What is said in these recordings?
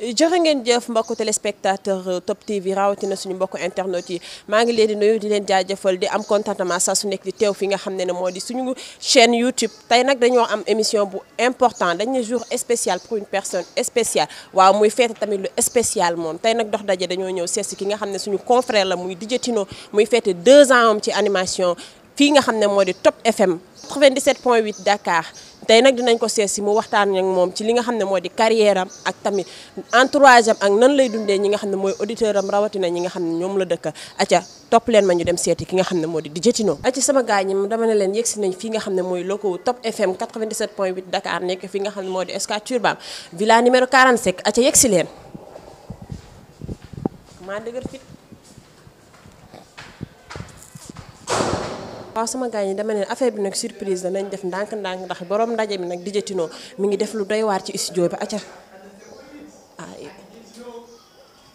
jërë ngeen jëf mbokku téléspectateur Top TV rawatina suñu mbokku internet yi maa ngi leen di nuyu di leen jaajëfal di am contentement saa su nekk di teew fi nga xam ne ne moo di suñu chaîne YouTube tey nag dañoo am émission bu important dañu jour spécial pour une personne spéciale waaw muy feete tamit lu spécial moom tey nag dox daje dañoo ñëw sees ki nga xam ne suñu confrère la muy DJ Tino muy feete deux ans am ci animation fii nga xam ne moo di Top FM 97.8 Dakar tey nag dinañ ko sees si mu waxtaan ak moom ci li nga xam ne moo di carrière am ak tamit entourage ak nan lay dundee ñi nga xam ne mooy auditeur am rawatina ñi nga xam ne ñoom la dëkk acca topp leen ma ñu dem seeti ki nga xam ne moo di di jëtinoo acca sama gars ñi dama ne leen yegsi nañ fii nga xam ne mooy locaux Top FM 97.8 Dakar nekk fi nga xam ne moo di Scat Urbam villa numéro acca yegsi leen waaw sama gars ñi dama ne affaire bi nak surprise la nañ def ndank ndank ndax borom ndaje bi nak DJ Tino mi ngi def lu doy war ci studio bi acca ah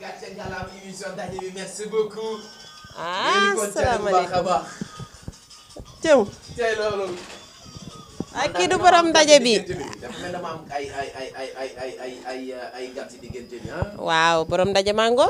gàcce ngalaam émission ndaje bi merci beaucoup ah salaamaaleykum tew tey loolu ak du borom ndaje bi dafa mel na ma am ay ay ay ay ay ay ay ay ay gàtt diggante bi ah. waaw borom ndaje mango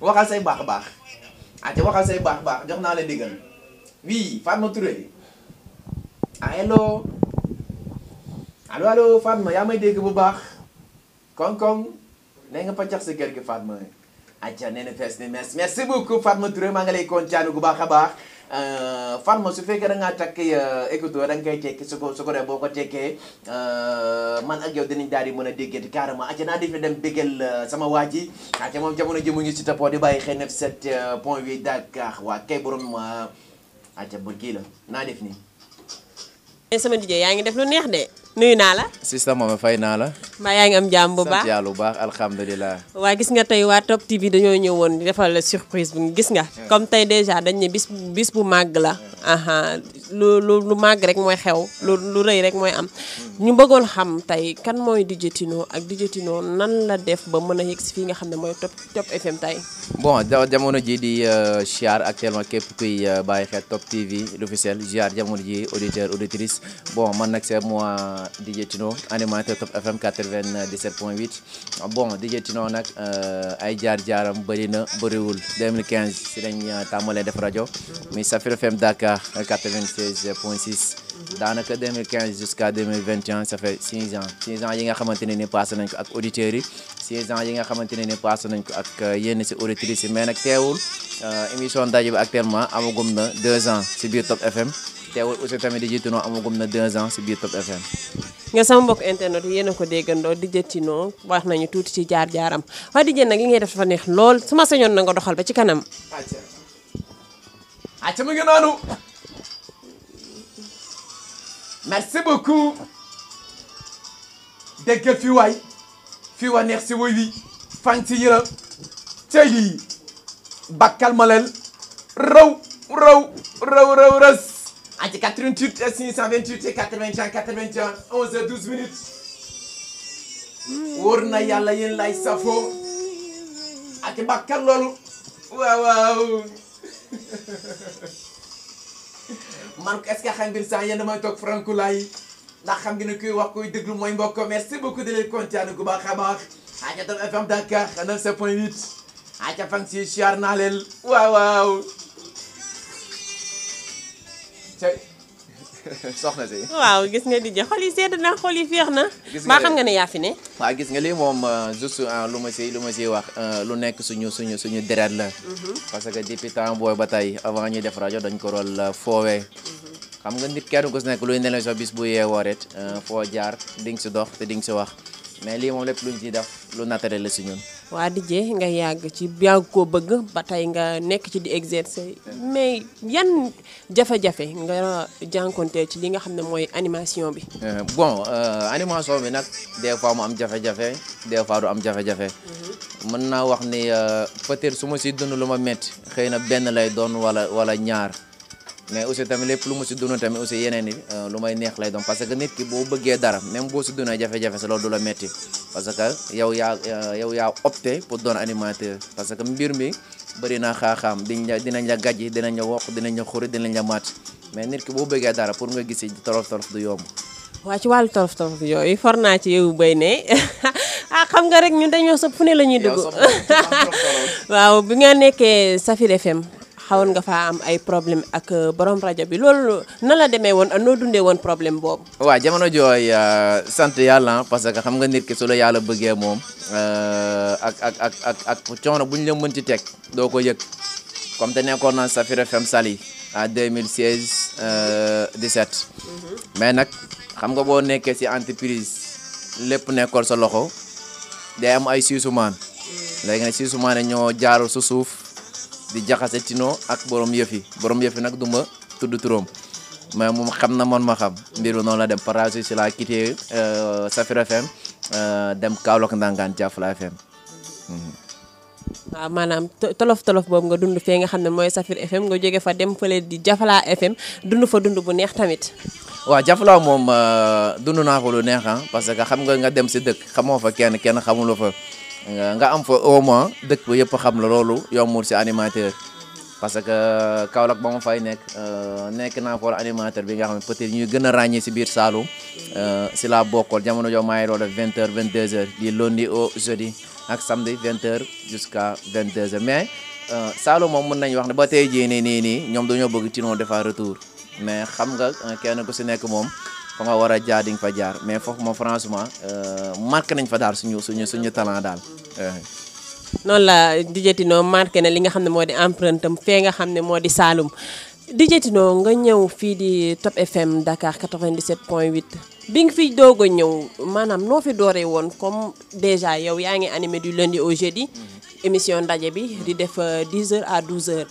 waxal say baax baax ate ah, waxal say baax baax jox naa la diggal oui Fatma Touré ah hello allo allo Fatma yaa ma dégg bu baax koŋ-koŋ nee nga paccax si kër gi Fatma acca ne na fees ni merci merci Fatma Touré maa ngi lay kontaanu bu baax a baax uh, fan mo su fekkee da ngaa takk ya, écouteur da nga koy cekki su ko su ko def boo ko cekkee eh, man ak yow dinañ daal di mën carrément aca naa def dem eh, sama waji aja aca moom jamono ji mu ngi si tapoo di bàyyi xel 97 point 8 Dakar waa kay borom aca bur kii la naa def nii semaine def lu neex nuyu naa la. sista moom fay naa la. mbaa yaa ngi am jàmm bu baax sant alhamdulilah. waa gis nga tey waa Top TV dañoo ñëw ñëwoon defal la surprise bu gis nga. comme tey déjà dañ ne bis bis bu màgg la. lu lu lu màgg rek mooy xew lu lu rëy rek mooy am ñu bëggoon xam tey kan mooy DJ Tino ak DJ Tino nan la def ba mën a yegg si fii nga xam ne mooy top top FM tey. bon jamono ji di ziar euh, actuellement képp kuy euh, bàyyi xel top TV l'officiel ziar jamono ji auditeur auditrice bon man nag c'est moi DJ Tino animateur top FM 97.8 bon DJ Tino nag euh, ay jaar jaaram bëri na bëriwul 2015 si lañ tàmmalee def rajo mais Safir FM Dakar 16 dans 6 daanaka 2015 jusqu'à 2021 ça fait 6 ans 6 ans yi nga xamanteni ne ni passé nañ ko ak auditeur yi 6 ans yi nga xamanteni ne ni passé nañ ko ak euh, yenn ci auditrices mais nak téwul euh, émission ndaje bi actuellement amagum na 2 ans ci biir Top FM téwul aussi tamit di jiitu noo amagum na 2 ans ci biir Top FM. nga sama mbokk internet yi yéen a ko déggandoo di jëttinoo wax nañu tuuti ci jaar-jaaram waaye di jën nag li ngay def dafa neex lool su ma sañoon na nga doxal ba ci kanam. acca acca mu ngi noonu merci beaucoup Dès que waay tu wi Rau, 88 628 81 81 11 12 minutes mm. man est-ce que xam ngeen sax yéen damay toog frankulaay ndax xam ngeen ne kuy wax kuy déglu mooy mbokk merci beaucoup di leen kontaan bu baax a baax. Aja Tam FM Dakar 97.8 aja fan si siyaar naa leen waaw waaw. soxna si waaw gis nga di je xol yi sedd na xol yi féex na mbaa xam nga ne yaa fi ne waaw gis nga lii moom euh, juste euh, lu ma si lu ma si wax euh, lu nekk suñu suñu suñu deret la mhm. parce que depuis temps booy ba tey avant ñuy def rajo dañ ko rol foowee mhm. xam nga nit kenn ku si nekk luy nelaw sa bis bu yeewoo ret foo jaar di nga si dox te di nga si wax mais lii moom lépp luñ ci def lu naturel la si ñun di je nga yag ci yaa ko bëgg ba nga nek ci di exercer mais yan jafe-jafe nga jankonté ci li nga xamné moy animation bi. Eh, bon eh, animation bi nak des fois mo am jafe-jafe des fois do am jafe-jafe. Mhm. mën na wax ni eh, peut-être suma ci dund luma met xeyna ben na lay doon wala wala ñaar. mais aussi tamit lepp luma ci dund tamit aussi yenen ni lumay neex lay doon parce que nit ki bo bëggee dara même bo ci dund jafe-jafe sa lo du la parce que yow yaa yow yaa opté pour doon animateur parce que mbir mi bëri naa xaaxaam diñ la dinañ la gàjji dinañ la woq dinañ la xuri dinañ la maat mais nit ki boo bëggee dara pour nga gis torof torof du yomb. waa ci wàllu torof torof yooyu for naa ci yow béy ne ah xam nga rek ñu dañoo sëpp fu ne la dugg. waaw bi nga nekkee Safir FM. xawoon nga faa am ay problème ak euh, borom rajo bi loolu na la demee woon noo dundee woon problème boobu. waaw jamono jooy euh, sant yàlla parce que xam nga nit ki su la yàlla bëggee moom euh, ak ak ak ak ak coono bu ñu la mënti teg doo ko yëg comme te nekkoon naa Safir FM Saly à 2016 17. mais nag xam nga boo nekkee ci entreprise lépp nekkoon sa loxo day am ay siisumaan. Mm. léegi nag siisumaan ñoo jaarul su suuf. di jaxase Tino ak boroom yëf yi borom yëf nag du ma tudd turam mais moom xam na man ma xam mbir mi noonu la dem par si laa quitté euh, Safir FM euh, dem Kaolack Ndangaan Jafla FM. waaw mhm. ah, maanaam tolof boobu nga dund fee nga xam ne mooy Safir nga jóge fa dem fële di Jafla FM dund fa dund bu neex tamit. waa Jafla moom euh, dund naa ko lu neex ah, parce que xam nga nga dem si dëkk xamoo fa kenn kenn xamuloo fa. nga am fa au moins dëkk ba yëpp xam la loolu yombul si animateur parce que Kaolack ba mu fay nekk euh, nekk naa foor animateur bi nga xam ne peut-être ñuy gën a ràññee si biir Saloum si euh, la bokkool jamono joo maa ngi doon def vingt heures vingt deux heures di lundi au jeudi ak samedi vingt heures jusqu'à vingt deux heures mais euh, Saloum moom mën nañu wax ne ba tey jii nii nii nii ñoom dañoo bëgg ci noonu defar retour mais xam nga kenn ku si nekk moom fa war a jaar di nga fa jaar mais foofu moom franchement euh, marqué nañ fa daal suñu suñu suñu talent daal. Euh. noonu la DJ Tino marqué na li nga xam ne moo di empreinte am fee nga xam ne moo di Saalum DJ Tino nga ñëw fii di Top FM Dakar 97.8 bi nga fi doog a ñëw maanaam noo fi dooree woon comme déjà yow yaa ngi animé du lundi au di mm-hmm. émission ndaje bi di def 10 euh, heures à 12 heures.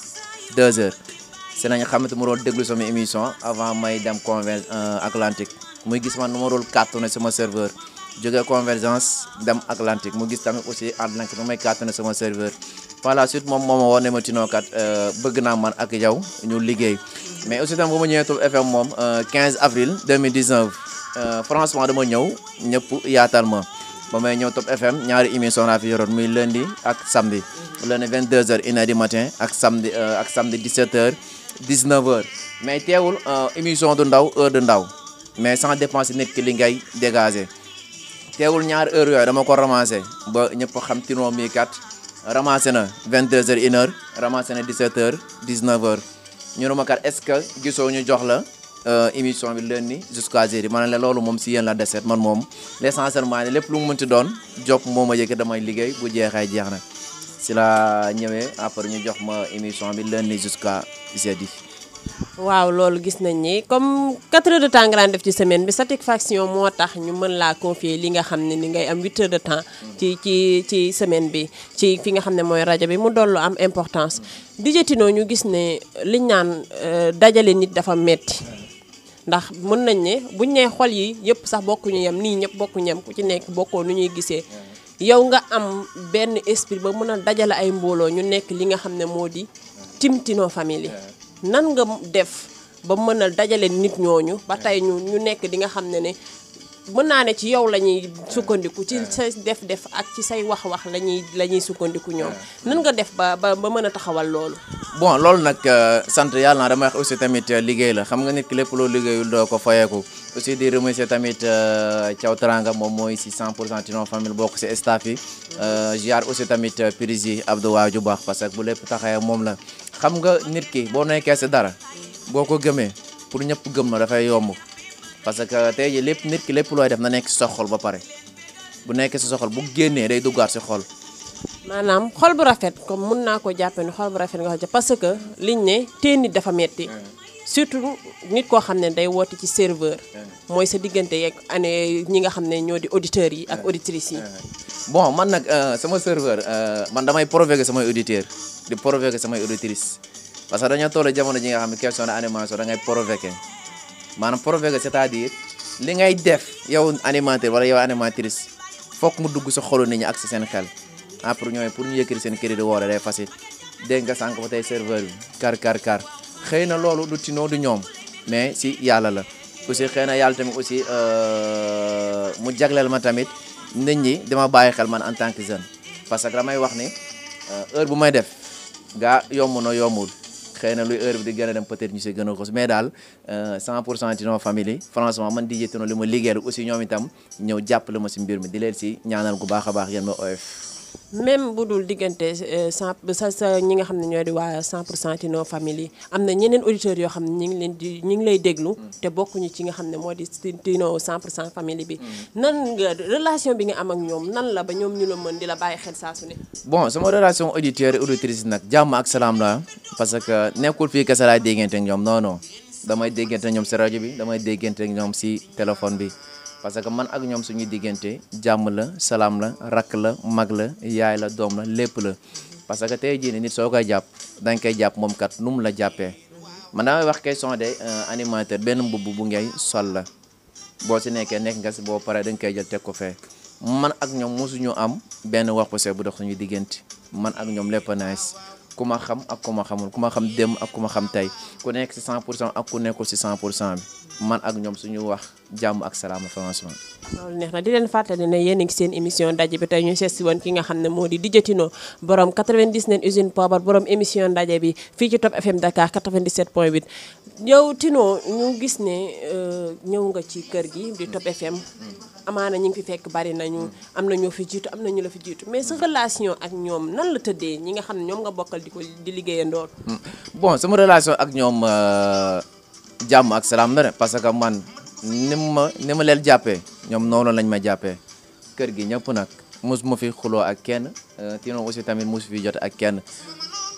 deux heures si nañ xamante mu doon déglu sama émission avant may dem conver euh, Atlantique muy gis man nu ma doon kàttane sama serveur jógee convergence dem Atlantique mu gis tamit aussi ànd nag nu may na sama serveur par la suite moom moo ma woo ne ma Tino kat euh, bëgg naa man ak yow ñu liggéey mais aussi tam bu ma ñëwee Toub FM moom 15 euh, avril 2019 franchement dama ñëw ñëpp yaatal ma. ba may ñëw Top FM ñaari émission laa fi yoroon muy lundi ak samedi mhm. lundi 22h 1h matin ak samedi euh, ak samedi 17h 19h mais teewul euh, émission du ndaw heure du ndaw mais sans dépenser nit ki li ngay dégager teewul ñaari heure yooyu dama ko ramasser ba ñëpp xam Tino mi kat ramasser na 22h 1h ramasser na 17h 19h ñu ne ma kat ce que gisoo ñu jox la. Euh, émission bi lundi jusqu'à jeudi man la lolu mom si yeen la deset man mom l'essentiel maa ne lépp lu mu mënti doon job moo ma yëg damay liggéey bu jeexee jeex ci la ñëwé après ñu jox ma émission bi lundi jusqu'à jeudi. waaw lolu gis nañ ni comme 4 heures de temps nga def ci semaine bi satisfaction mo tax ñu mën la confier li nga xamni ni ngay am 8 heures de temps ci ci ci semaine bi ci fi nga xam moy radio bi mu dollu am importance Dj Tino ñu gis ne liñ naan euh, dajale nit dafa metti ndax mën nañ ne buñ nee xol yi yëpp sax bokkuñu yem nii ñëpp bokkuñu yem ku ci nekk bokkoo nu ñuy gisee mm-hmm. yow nga am benn esprit ba mën a dajale ay mbooloo ñu nekk li nga xam ne moo di Timtino famille nan nga def ba mën a dajale nit ñooñu ba tey ñu ñu nekk di nga xam ne ne mën naa ne ci yow la ñuy sukkandiku ci sa def-def ak ci say wax-wax la ñuy la ñuy sukkandiku ñoom nan nga def ba ba ba mën a taxawal loolu bon loolu nag euh, sant yàlla naa dama wax aussi tamit euh, liggéey la xam nga nit ki lépp loo liggéeyul doo ko fayeeku aussi di remercier tamit euh, Thiaw Teranga moom mooy si 100 pour cent Tinon Famille bokk si staff yi ziar aussi tamit prise yi Abdou Waaju baax parce que bu lépp taxawee moom la xam nga nit ki boo nekkee si dara boo ko gëmee pour ñëpp gëm la dafay yomb parce que tey jii lépp nit ki lépp looy def na nekk si sa xol ba pare bu nekkee si sa xol bu génnee day duggaat si xol manam xol bu rafet comme mun na ko jappé ne xol bu rafet nga xam parce que liñ né tee nit dafa metti surtout nit ko xamné day woti ci serveur moy sa digënté yeeg ané ñi nga xamné di auditeur yi ak auditrice yi bon man nag euh, sama serveur euh, man damay provoquer sama auditeur di provoquer sama auditrice parce que dañu toll jamono ji nga xamné ne question animation da ngay provoquer maanaam provoquer c'est-à-dire li ngay def yow animateur wala yow animatrice fokk mu dugg sa xolu nit ñi ak sa seen xel a pour ñooy pour ñu yëkkati seen crédit woore day facile dégg nga sànq ba serveur kar kar kar xëy lo loolu du tinoo du me mais si yàlla la aussi xëy na yàlla tamit aussi eh, mu jagleel ma tamit nit ñi dama bàyyi xel man en tant que jeune parce que wax ni heure eh, bu may def ga yomb na yombul xeyna luy heure bi di gëna dem peut être ñu si gëna ko mais dal euh 100 ci no family franchement man di jëtuno li ma aussi ñoom itam ma si mbir mi di leer ci ñaanal gu baaxa baax yeen ma même bu dul diggante euh, cent euh, sa sa ñi nga xam ne ñoo di waa 100 pour cent Tino famille yi am na ñeneen auditeurs yoo xam ne ñu ngi leen di ñu ngi lay déglu. Mm. te bokkuñu ci nga xam ne moo di Tino 100 cent famille bi. Mm. nan nga relation bi nga am ak ñoom nan la ba ñoom ñu la mën di la bàyyi xel saa su ne. bon sama relation auditeur auditrice nag jàmm ak salaam la parce que nekkul fii kese laay déggante ak ñoom non non damay déggante ñoom si rajo bi damay déggante ak ñoom si téléphone bi. parce que man ak ñoom suñuy diggante jàmm la salaam la rakk la mag la yaay la doom la lépp la parce que tey jii nii nit soo koy jàpp da koy jàpp moom kat nu mu la jàppee man damay wax question de euh, animateur benn mbubb bu ngay sol la boo ci nekkee nekk nga si boo paree da koy jël teg ko fee man ak ñoom mosuñu am benn wax posé bu dox suñuy diggante man ak ñoom lépp nice ku ma xam ak ku ma xamul ku ma xam dem ak ku ma xam tey ku nekk si pour cent ku nekkul si 100 pour cent bi. man ak ñoom suñu wax jàmm ak salaam franchement. loolu neex na di leen fàttali ne yéen a seen émission ndaje bi tey ñu seet si woon ki nga xam ne moo di Dj Tino borom 99 usine poobar borom émission ndaje bi fii ci Top FM Dakar 97.8. yow Tino ñu gis ne euh, ñëw nga ci kër gi di Top FM amaana ñu ngi fi fekk bari nañu am nañu ñoo fi jiitu am na ñu la fi jiitu mais sa relation ak ñoom nan la tëddee ñi nga xam ne ñoom nga bokkal di ko di liggéeyandoo. bon sama relation ak ñoom. Euh, jàmm ak salaam la ne parce que man ni ma ni ma leen jàppee ñoom noonu lañ ma jàppee kër gi ñëpp nag mos ma fi xuloo ak kenn euh, Tino aussi tamit mos fi jot ak kenn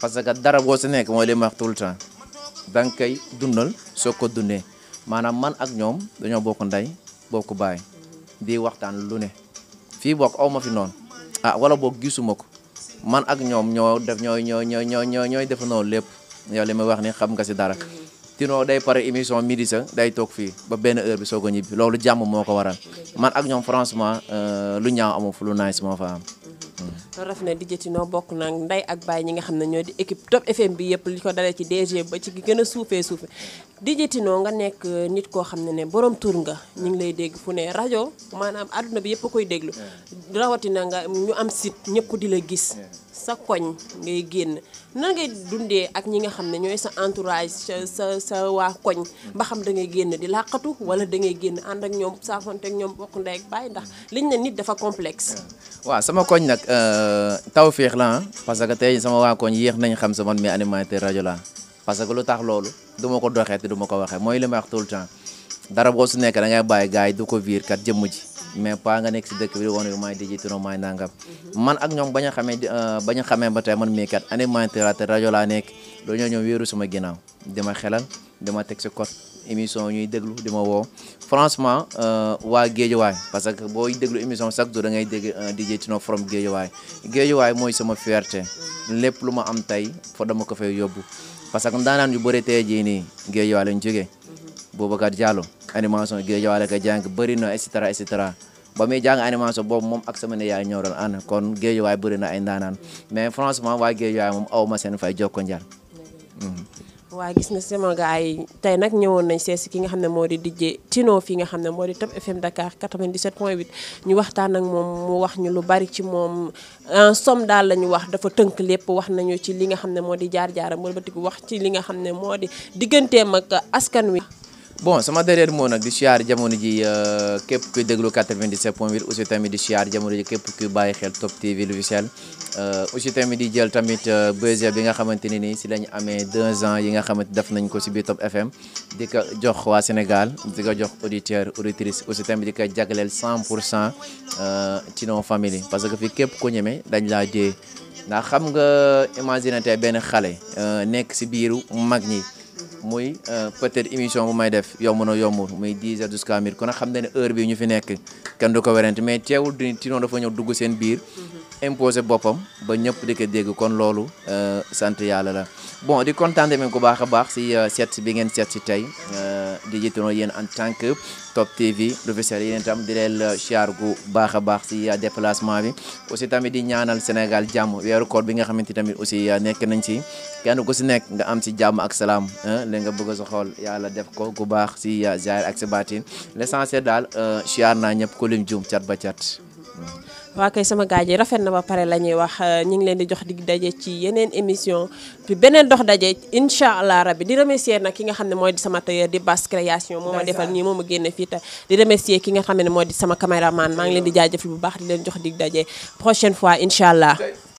parce que dara boo si nekk mooy li ma wax tout le temps da nga koy dundal soo ko dundee maanaam man ak ñoom dañoo bokk ndey bokk baay di waxtaan lu ne fii bokk aw ma fi noonu ah wala boog gisuma ko man ak ñoom ñoo def ñooy ñooy ñooy ñooy ñooy defandoo lépp yow li ma wax ni xam nga si dara. tino day pare émission midi sa day toog fii ba benn heure bi soo ko ñibbi loolu jàmm moo ko waral man ak ñoom franchement euh, lu ñaaw amu fu lu nice moo fa am raf na di jëti no bok na nday ak bay ñi nga xamne di équipe top fm bi yépp liko dalé ci DG ba ci gëna soufé soufé di jëti no nga nek euh, nit ko xamne né borom tour nga ñi ngi lay dégg fu rajo maanaam àdduna bi yépp koy rawati na nga ñu am site ñepp di la gis sa koñ ngay genn na ngay dundé ak ñi nga xamne ñoy sa entourage sa sa sa waa koñ mm. ba xam da ngay genn di laqatu wala da ngay genn and ak sa fonté ak ñom bokk nday ak bay ndax mm. liñ né nit dafa complexe wa sama koñ euh Euh, tawféex la parce que tey sama waa koñ yéex nañ xam sa man mi animateur rajo la parce que lu tax loolu du ma ko doxee te du ma ko waxee mooy li ma wax tout dara boo su nekk da bàyyi gars yi du ko viir kat jëmm ji mais pas nga nekk si dëkk bi di woon maay di jiitu maay nangam man ak ñoom euh, bañ a xamee ba tey man mii kat animateur te rajo laa nekk doo ñoo ñëw wéeru sama ginnaaw dama xelal dama teg si code émission ñuy déglu di ma woo franchement euh, waa géej Géejawaay parce que booy déglu émission chaque jour da ngay dégg euh, DJ Tino from géej waay mooy sama fierté lépp lu ma am tey fa dama ko fay yóbbu parce que ndaanaan yu bëri te jii nii Géejawaay lañ jógee Boubacar jaalo animation Géejawaay la ko jàng bëri na et cetera et cetera ba muy jàng animation boobu moom ak sama ne yaay ñoo doon ànd kon Géejawaay bëri na ay ndaanaan mais francement waa Géejawaay moom aw ma seen fay jokko njar hmm. waa gis nga sama gars yi tey nag ñëwoon nañ seesi ki nga xam ne moo di DJ Tino fii nga xam ne moo di Top FM Dakar 97.8 ñu waxtaan ak moom mu wax ñu lu bari ci moom en la ñu wax dafa tënk lépp wax nañu ci li nga xam ne moo di jaar-jaaram wëlbatiku wax ci li nga xam ne moo di digganteem ak askan wi. bon sama derrière moo nag di siyaar jamono ji euh, képp kuy déglu 97.8 aussi tamit di siyaar jamono ji képp kuy bàyyi xel Top TV l'officiel UCTM euh, di jël tamit euh, buzz bi nga xamante ne nii si lañ amee deux ans yi nga xamante def nañ ko si Top FM di ko jox waa Sénégal di ko jox auditeur auditrice UCTM di ko jagleel 100 pour cent euh, ci non famille parce que fi képp ku ñeme dañ laa dee ndax xam nga imaginer tey benn xale nekk si biiru mag ñi. muy peut-être émission bu may def yomb na yombul muy 10 heures jusqu'à midi kon a xam ne heure bi ñu fi nekk kenn du ko werante mais teewul du Tino dafa ñëw dugg seen biir imposé boppam ba ñëpp di ko dégg kon loolu euh, sant yàlla la bon di kontaan tamit ku baax a baax si euh, seet bi ngeen seet si tey euh, di jiitanoo yéen en tant que Top TV professeur yéen itam di leen siyaar gu baax a baax si déplacement bi aussi tamit di ñaanal Sénégal jàmm weeru koor bi nga xamante tamit aussi nekk nañ si kenn ku si nekk nga am si jàmm ak salaam li nga bëgg sa xool yàlla def ko gu baax si ziar ak si baatin l'essentiel daal siyaar naa ñëpp ku lim juum ba cat waa kay sama gaaj yi rafet na ba pare la ñuy wax euh, ñi ngi leen di jox digg daje ci yeneen émission beneen dox daje incha allah rabbi di remercier nag ki nga xam ne mooy di sama tailleur di Bass Création moo ma defal nii moo ma génne fii te di remercier ki nga xam ne mooy di sama caméraman maa ngi leen di jaajëfal bu baax di leen jox dig daje prochaine fois incha allah